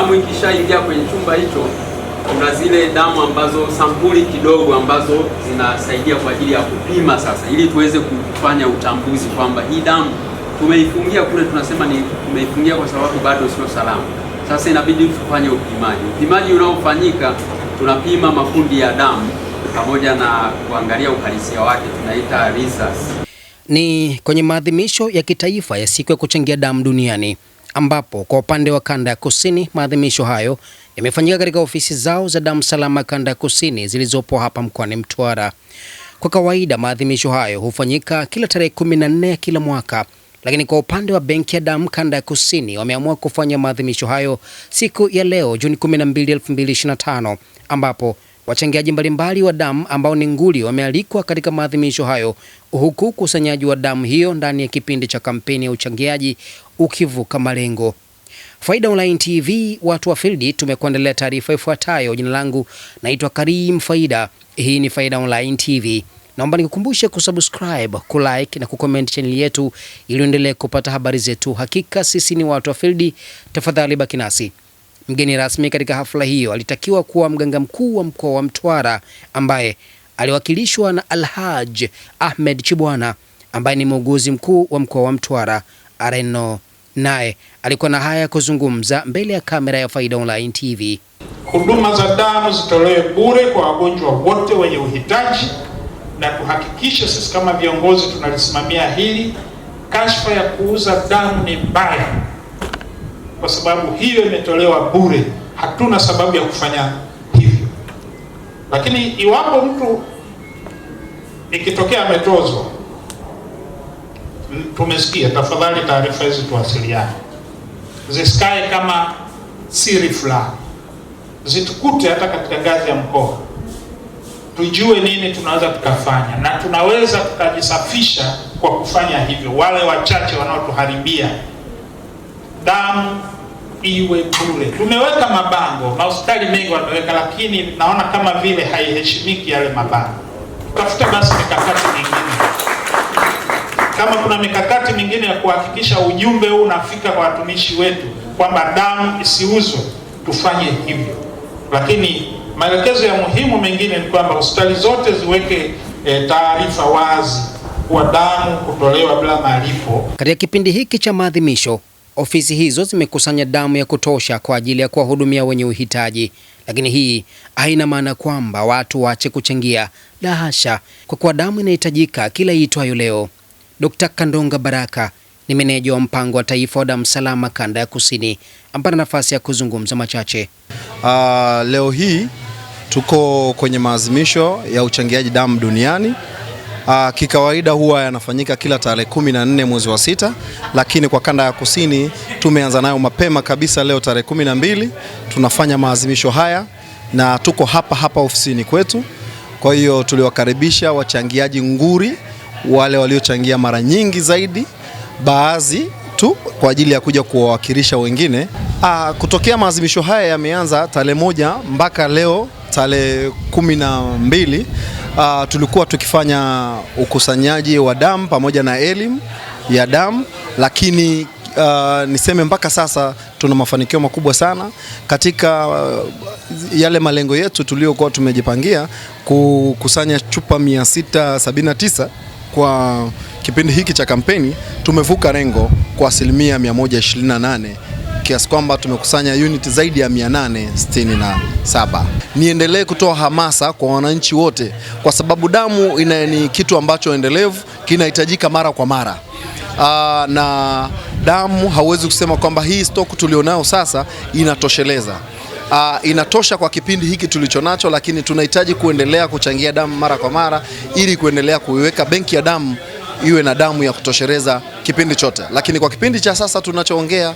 damu ikishaingia kwenye chumba hicho, kuna zile damu ambazo sampuli kidogo ambazo zinasaidia kwa ajili ya kupima sasa, ili tuweze kufanya utambuzi kwamba hii damu tumeifungia kule, tunasema ni tumeifungia kwa sababu bado sio salama. Sasa inabidi tufanye upimaji. Upimaji unaofanyika tunapima makundi ya damu pamoja na kuangalia uhalisia wake, tunaita research. Ni kwenye maadhimisho ya kitaifa ya siku ya kuchangia damu duniani ambapo kwa upande wa kanda ya kusini maadhimisho hayo yamefanyika katika ofisi zao za damu salama kanda ya kusini zilizopo hapa mkoani Mtwara. Kwa kawaida maadhimisho hayo hufanyika kila tarehe kumi na nne ya kila mwaka, lakini kwa upande wa benki ya damu kanda ya kusini wameamua kufanya maadhimisho hayo siku ya leo Juni 12, 2025 ambapo wachangiaji mbalimbali wa damu ambao ni nguli wamealikwa katika maadhimisho hayo, huku ukusanyaji wa damu hiyo ndani ya kipindi cha kampeni ya uchangiaji ukivuka malengo. Faida Online TV, watu wa fildi, tumekuandalia taarifa ifuatayo. Jina langu naitwa Karim Faida. Hii ni Faida Online TV. Naomba nikukumbushe kusubscribe, kulike na kucomment chaneli yetu ili uendelee kupata habari zetu. Hakika sisi ni watu wa fildi, tafadhali baki nasi. Mgeni rasmi katika hafla hiyo alitakiwa kuwa mganga mkuu wa mkoa wa Mtwara ambaye aliwakilishwa na Alhaj Ahmed Chibwana ambaye ni muuguzi mkuu wa mkoa wa Mtwara Areno naye alikuwa na haya ya kuzungumza mbele ya kamera ya Faida Online TV. Huduma za damu zitolewe bure kwa wagonjwa wote wenye uhitaji na kuhakikisha sisi kama viongozi tunalisimamia hili. Kashfa ya kuuza damu ni mbaya, kwa sababu hiyo imetolewa bure, hatuna sababu ya kufanya hivyo. Lakini iwapo mtu ikitokea ametozwa tumesikia. Tafadhali taarifa hizi tuwasiliane, zisikae kama siri fulani, zitukute hata katika ngazi ya mkoa, tujue nini tunaweza tukafanya, na tunaweza tukajisafisha kwa kufanya hivyo. Wale wachache wanaotuharibia damu iwe bure. Tumeweka mabango, mahospitali mengi wameweka, lakini naona kama vile haiheshimiki yale mabango. Tafuta basi mikakati mingine kama kuna mikakati mingine ya kuhakikisha ujumbe huu unafika kwa watumishi wetu kwamba damu isiuzwe, tufanye hivyo. Lakini maelekezo ya muhimu mengine ni kwamba hospitali zote ziweke e, taarifa wazi kuwa damu kutolewa bila malipo. Katika kipindi hiki cha maadhimisho, ofisi hizo zimekusanya damu ya kutosha kwa ajili ya kuwahudumia wenye uhitaji, lakini hii haina maana kwamba watu waache kuchangia, la hasha, kwa kuwa damu inahitajika kila iitwayo leo. Dr. Kandonga Baraka ni meneja wa mpango wa taifa wa damu salama kanda ya kusini, ampata nafasi ya kuzungumza machache. Uh, leo hii tuko kwenye maazimisho ya uchangiaji damu duniani. Uh, kikawaida huwa yanafanyika kila tarehe kumi na nne mwezi wa sita, lakini kwa kanda ya kusini tumeanza nayo mapema kabisa. Leo tarehe kumi na mbili tunafanya maazimisho haya na tuko hapa hapa ofisini kwetu. Kwa hiyo tuliwakaribisha wachangiaji nguri wale waliochangia mara nyingi zaidi, baadhi tu kwa ajili ya kuja kuwawakilisha wengine. Aa, ah, kutokea maadhimisho haya yameanza tarehe moja mpaka leo tarehe kumi na mbili ah, tulikuwa tukifanya ukusanyaji wa damu pamoja na elimu ya damu, lakini Uh, niseme mpaka sasa tuna mafanikio makubwa sana katika uh, yale malengo yetu tuliyokuwa tumejipangia kukusanya chupa 679 kwa kipindi hiki cha kampeni tumevuka lengo kwa asilimia 128 kiasi kwamba tumekusanya unit zaidi ya 867. Niendelee kutoa hamasa kwa wananchi wote, kwa sababu damu ina ni kitu ambacho endelevu kinahitajika mara kwa mara. Aa, na damu hauwezi kusema kwamba hii stock tulionayo sasa inatosheleza uh, inatosha kwa kipindi hiki tulichonacho, lakini tunahitaji kuendelea kuchangia damu mara kwa mara ili kuendelea kuiweka benki ya damu iwe na damu ya kutoshereza kipindi chote, lakini kwa kipindi cha sasa tunachoongea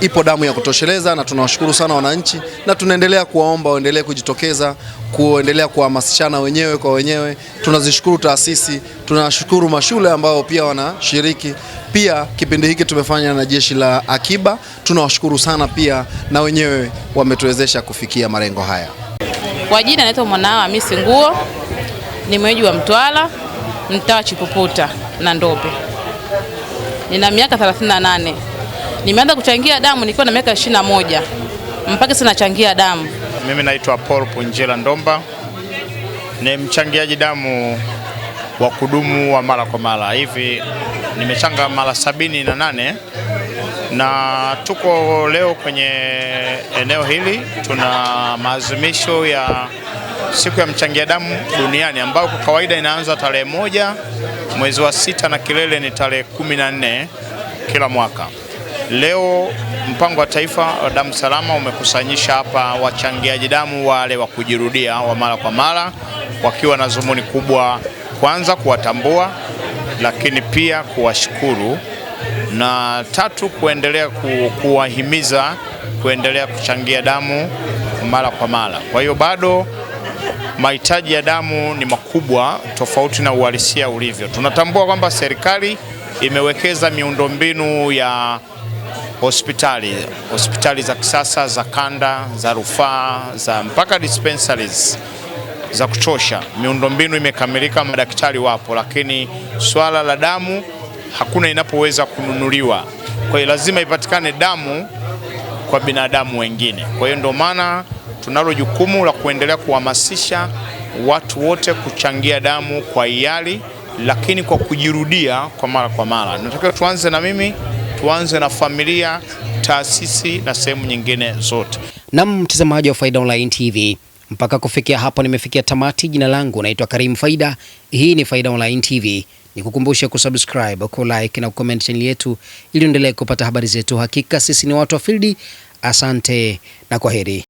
ipo damu ya kutosheleza, na tunawashukuru sana wananchi, na tunaendelea kuwaomba waendelee kujitokeza, kuendelea kuhamasishana wenyewe kwa wenyewe. Tunazishukuru taasisi, tunashukuru mashule ambao pia wanashiriki. Pia kipindi hiki tumefanya na jeshi la akiba, tunawashukuru sana pia, na wenyewe wametuwezesha kufikia malengo haya. Kwa jina naitwa Mwanao Hamisi Nguo, ni mwenyeji wa Mtwara, mtaa Chipuputa na Ndobe, nina miaka 38. Nimeanza kuchangia damu nikiwa na miaka ishirini na moja mpaka sasa nachangia damu. Mimi naitwa Paul Punjela Ndomba, ni mchangiaji damu wa kudumu wa mara kwa mara. Hivi nimechanga mara sabini na nane na tuko leo kwenye eneo hili, tuna maadhimisho ya siku ya mchangia damu duniani ambayo kwa kawaida inaanza tarehe moja mwezi wa sita na kilele ni tarehe kumi na nne kila mwaka. Leo mpango wa taifa wa damu salama umekusanyisha hapa wachangiaji damu wale wa kujirudia wa mara kwa mara, wakiwa na dhumuni kubwa, kwanza kuwatambua, lakini pia kuwashukuru, na tatu kuendelea kuwahimiza kuendelea kuchangia damu mara kwa mara. Kwa hiyo bado mahitaji ya damu ni makubwa, tofauti na uhalisia ulivyo. Tunatambua kwamba serikali imewekeza miundombinu ya hospitali hospitali za kisasa za kanda za rufaa za mpaka dispensaries za kutosha. Miundombinu imekamilika, madaktari wapo, lakini swala la damu hakuna inapoweza kununuliwa. Kwa hiyo lazima ipatikane damu kwa binadamu wengine. Kwa hiyo ndio maana tunalo jukumu la kuendelea kuhamasisha watu wote kuchangia damu kwa hiari, lakini kwa kujirudia kwa mara kwa mara. Natakiwa tuanze na mimi tuanze na familia, taasisi na sehemu nyingine zote. Na mtazamaji wa Faida Online TV, mpaka kufikia hapo nimefikia tamati. Jina langu naitwa Karim Faida, hii ni Faida Online TV. Nikukumbushe kusubscribe, ku like na comment channel yetu ili uendelee kupata habari zetu. Hakika sisi ni watu wa fildi. Asante na kwaheri.